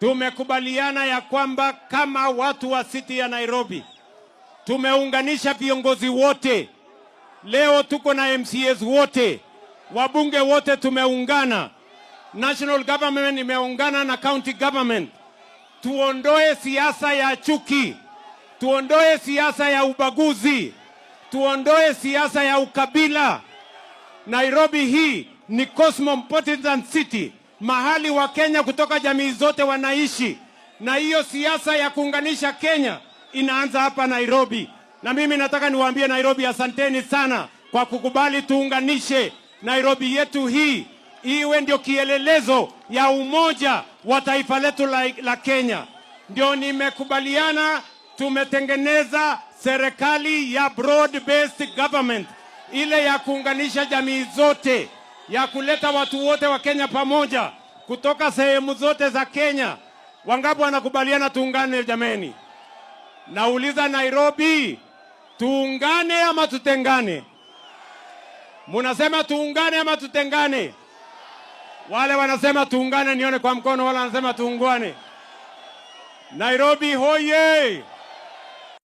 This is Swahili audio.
Tumekubaliana ya kwamba kama watu wa city ya Nairobi tumeunganisha viongozi wote, leo tuko na MCAs wote, wabunge wote tumeungana, national government imeungana na county government. Tuondoe siasa ya chuki, tuondoe siasa ya ubaguzi, tuondoe siasa ya ukabila. Nairobi hii ni cosmopolitan city mahali wa kenya kutoka jamii zote wanaishi, na hiyo siasa ya kuunganisha Kenya inaanza hapa Nairobi. Na mimi nataka niwaambie Nairobi, asanteni sana kwa kukubali tuunganishe Nairobi yetu hii iwe ndio kielelezo ya umoja wa taifa letu la, la Kenya. Ndio nimekubaliana, tumetengeneza serikali ya broad based government, ile ya kuunganisha jamii zote ya kuleta watu wote wa Kenya pamoja kutoka sehemu zote za Kenya. Wangapi wanakubaliana tuungane? Jameni, nauliza Nairobi, tuungane ama tutengane? Munasema tuungane ama tutengane? Wale wanasema tuungane, nione kwa mkono. Wale wanasema tuungane. Nairobi hoye!